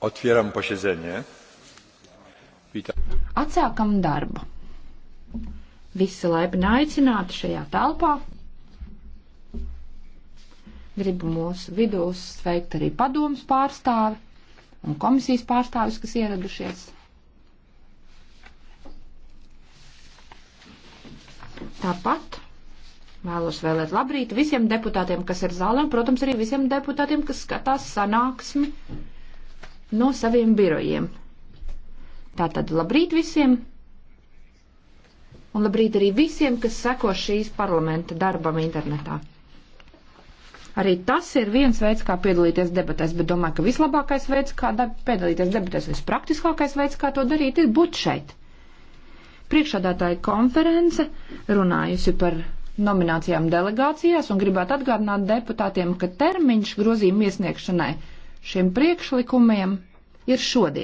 Otvieram posiedzenie. Witam. Atsākam darbu. Visi laipni aicināti šajā telpā. Gribu mūsu vidū sveikt arī padomus pārstāvi un komisijas pārstāvis, kas ieradušies. Tāpat vēlos vēlēt labrīt visiem deputātiem, kas ir zālē, un, protams, arī visiem deputātiem, kas skatās sanāksmi no saviem birojiem. Tātad labrīt visiem! Un labrīt arī visiem, kas seko šīs parlamenta darbam internetā. Arī tas ir viens veids, kā piedalīties debatēs, bet domāju, ka vislabākais veids, kā da piedalīties debatēs, vispraktiskākais veids, kā to darīt, ir būt šeit. Priekšādātāja konference runājusi par nominācijām delegācijās un gribētu atgādināt deputātiem, ka termiņš grozījuma iesniegšanai šiem priekšlikumiem ir šodien.